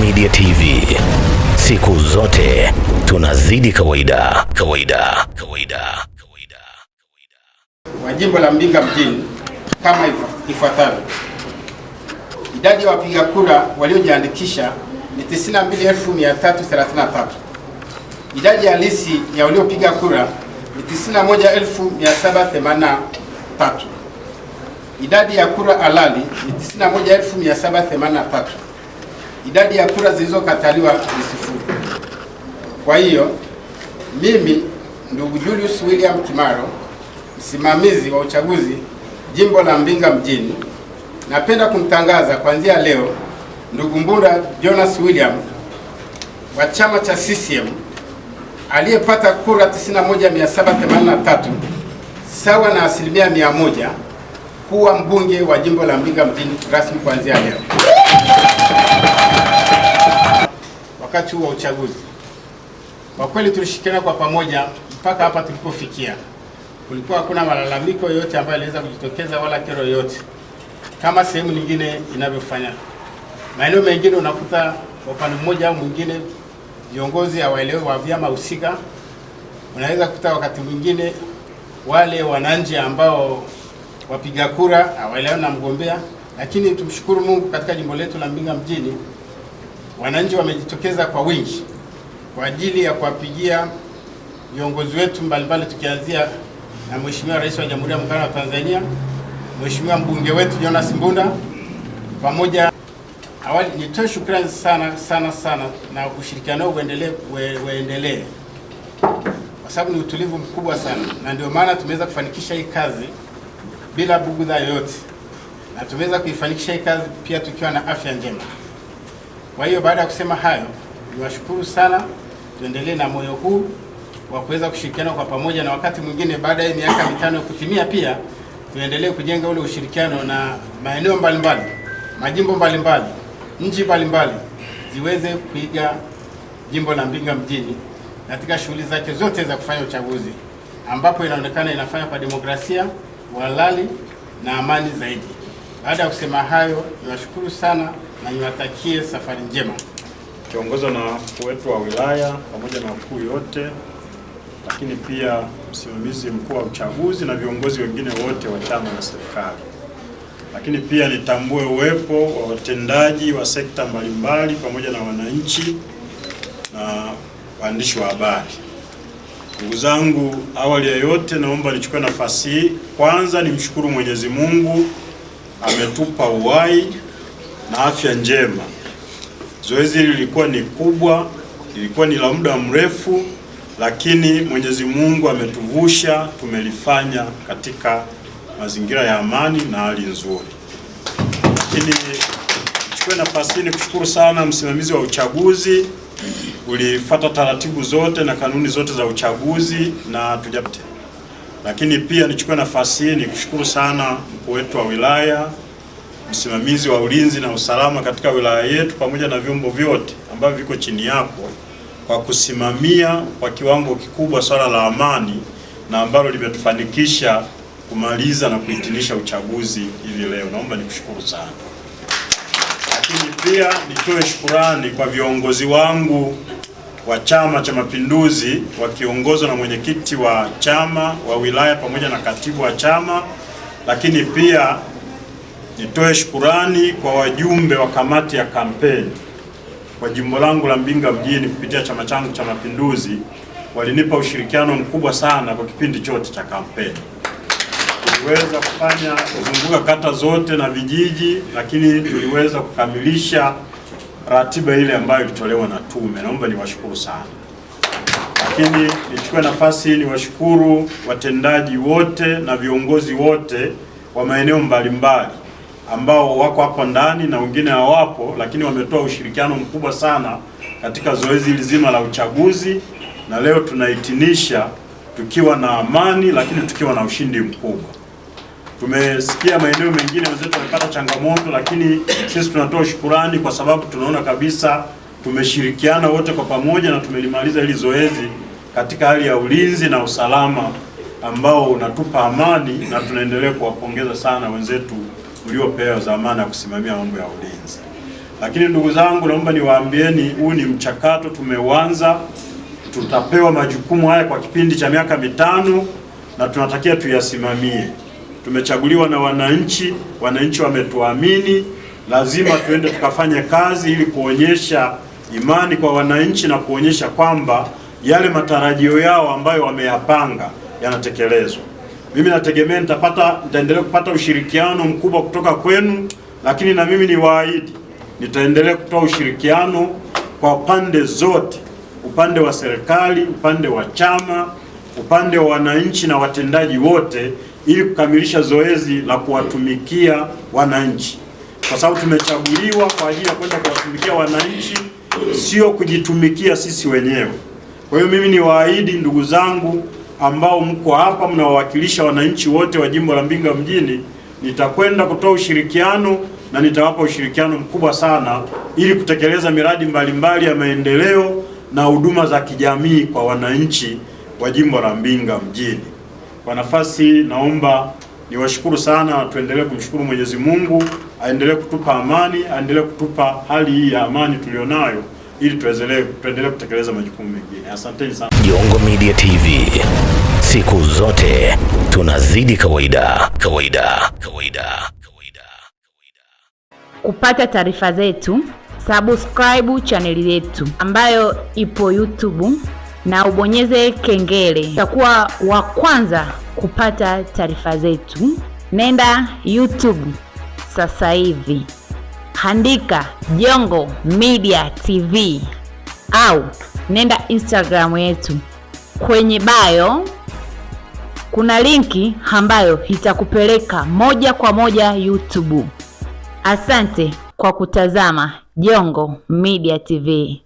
Media TV, siku zote tunazidi kawaida kawaida kawaida kawaida. Kwa jimbo la Mbinga mjini kama ifuatavyo: idadi ya wapiga kura waliojiandikisha ni 92333 idadi halisi ya waliopiga kura ni 91783 idadi ya kura halali ni 91783 idadi ya kura zilizokataliwa ni sifuri. Kwa hiyo mimi ndugu Julius William Kimaro, msimamizi wa uchaguzi jimbo la Mbinga mjini, napenda kumtangaza kuanzia leo ndugu Mbunda Jonas William wa chama cha CCM aliyepata kura 91783 sawa na asilimia mia kuwa mbunge wa jimbo la Mbinga mjini rasmi kuanzia leo. wakati huu wa uchaguzi. Kwa kweli tulishirikiana kwa pamoja mpaka hapa tulipofikia. Kulikuwa hakuna malalamiko yoyote ambayo iliweza kujitokeza wala kero yoyote kama sehemu nyingine inavyofanya. Maeneo mengine unakuta kwa upande mmoja au mwingine viongozi hawaelewi wa vyama husika. Unaweza kuta wakati mwingine wale wananchi ambao wapiga kura hawaelewani na mgombea, lakini tumshukuru Mungu katika jimbo letu la Mbinga mjini wananchi wamejitokeza kwa wingi kwa ajili ya kuwapigia viongozi wetu mbalimbali, tukianzia na Mheshimiwa Rais wa Jamhuri ya Muungano wa Tanzania, Mheshimiwa mbunge wetu Jonas Mbunda pamoja. Awali nitoe shukrani sana sana sana, na ushirikiano uendelee uendelee, kwa sababu ni utulivu mkubwa sana, na ndio maana tumeweza kufanikisha hii kazi bila bugudha yoyote, na tumeweza kuifanikisha hii kazi pia tukiwa na afya njema. Kwa hiyo baada ya kusema hayo, niwashukuru sana, tuendelee na moyo huu wa kuweza kushirikiana kwa pamoja, na wakati mwingine baada ya miaka mitano kutimia, pia tuendelee kujenga ule ushirikiano na maeneo mbalimbali, majimbo mbalimbali, nchi mbalimbali ziweze kuiga jimbo la Mbinga mjini katika shughuli zake zote za kufanya uchaguzi, ambapo inaonekana inafanya kwa demokrasia, uhalali na amani zaidi. Baada ya kusema hayo, niwashukuru sana na niwatakie safari njema. Kiongozwa na mkuu wetu wa wilaya pamoja na wakuu yote, lakini pia msimamizi mkuu wa uchaguzi na viongozi wengine wote wa chama na serikali, lakini pia nitambue uwepo wa watendaji wa sekta mbalimbali pamoja na wananchi na waandishi wa habari. Ndugu zangu, awali ya yote, naomba nichukue nafasi hii kwanza nimshukuru Mwenyezi Mungu ametupa uhai na afya njema. Zoezi hili lilikuwa ni kubwa, lilikuwa ni la muda mrefu, lakini Mwenyezi Mungu ametuvusha, tumelifanya katika mazingira ya amani na hali nzuri. Lakini chukue nafasi hii kushukuru sana msimamizi wa uchaguzi, ulifuata taratibu zote na kanuni zote za uchaguzi na tujapata lakini pia nichukue nafasi hii nikushukuru sana mkuu wetu wa wilaya, msimamizi wa ulinzi na usalama katika wilaya yetu, pamoja na vyombo vyote ambavyo viko chini yako kwa kusimamia kwa kiwango kikubwa swala la amani na ambalo limetufanikisha kumaliza na kuhitimisha uchaguzi hivi leo. Naomba nikushukuru sana. Lakini pia nitoe shukurani kwa viongozi wangu wa Chama cha Mapinduzi wakiongozwa na mwenyekiti wa chama wa wilaya pamoja na katibu wa chama, lakini pia nitoe shukurani kwa wajumbe wa kamati ya kampeni kwa jimbo langu la Mbinga mjini kupitia chama changu cha Mapinduzi walinipa ushirikiano mkubwa sana kwa kipindi chote cha kampeni. Tuliweza kufanya kuzunguka kata zote na vijiji, lakini tuliweza kukamilisha ratiba ile ambayo ilitolewa na tume. Naomba niwashukuru sana, lakini nichukue nafasi hii niwashukuru watendaji wote na viongozi wote wa maeneo mbalimbali ambao wako hapo ndani na wengine hawapo, lakini wametoa ushirikiano mkubwa sana katika zoezi lizima la uchaguzi, na leo tunahitimisha tukiwa na amani, lakini tukiwa na ushindi mkubwa. Tumesikia maeneo mengine wenzetu wamepata changamoto, lakini sisi tunatoa shukurani kwa sababu tunaona kabisa tumeshirikiana wote kwa pamoja na tumelimaliza hili zoezi katika hali ya ulinzi na usalama ambao unatupa amani, na tunaendelea kuwapongeza sana wenzetu mliopewa dhamana ya kusimamia mambo ya ulinzi. Lakini ndugu zangu, naomba niwaambieni, huu ni mchakato tumeuanza. Tutapewa majukumu haya kwa kipindi cha miaka mitano na tunatakiwa tuyasimamie tumechaguliwa na wananchi, wananchi wametuamini, lazima tuende tukafanye kazi ili kuonyesha imani kwa wananchi na kuonyesha kwamba yale matarajio yao ambayo wameyapanga yanatekelezwa. Mimi nategemea nitapata, nitaendelea kupata ushirikiano mkubwa kutoka kwenu, lakini na mimi ni waahidi nitaendelea kutoa ushirikiano kwa pande zote, upande wa serikali, upande wa chama, upande wa wananchi na watendaji wote ili kukamilisha zoezi la kuwatumikia wananchi, kwa sababu tumechaguliwa kwa ajili ya kwenda kuwatumikia wananchi, sio kujitumikia sisi wenyewe. Kwa hiyo mimi niwaahidi ndugu zangu ambao mko hapa mnawawakilisha wananchi wote wa jimbo la Mbinga mjini, nitakwenda kutoa ushirikiano na nitawapa ushirikiano mkubwa sana ili kutekeleza miradi mbalimbali mbali ya maendeleo na huduma za kijamii kwa wananchi wa jimbo la Mbinga mjini. Kwa nafasi naomba niwashukuru sana, tuendelee kumshukuru Mwenyezi Mungu, aendelee kutupa amani, aendelee kutupa hali hii ya amani tulionayo ili tuendelee kutekeleza majukumu mengine. Asanteni sana. Jongo Media TV, siku zote tunazidi kawaida kawaida kawaida kawaida. Kupata taarifa zetu, subscribe chaneli yetu ambayo ipo YouTube na ubonyeze kengele, utakuwa wa kwanza kupata taarifa zetu. Nenda YouTube sasa hivi, andika Jongo Media TV au nenda Instagram yetu, kwenye bayo kuna linki ambayo itakupeleka moja kwa moja YouTube. Asante kwa kutazama Jongo Media TV.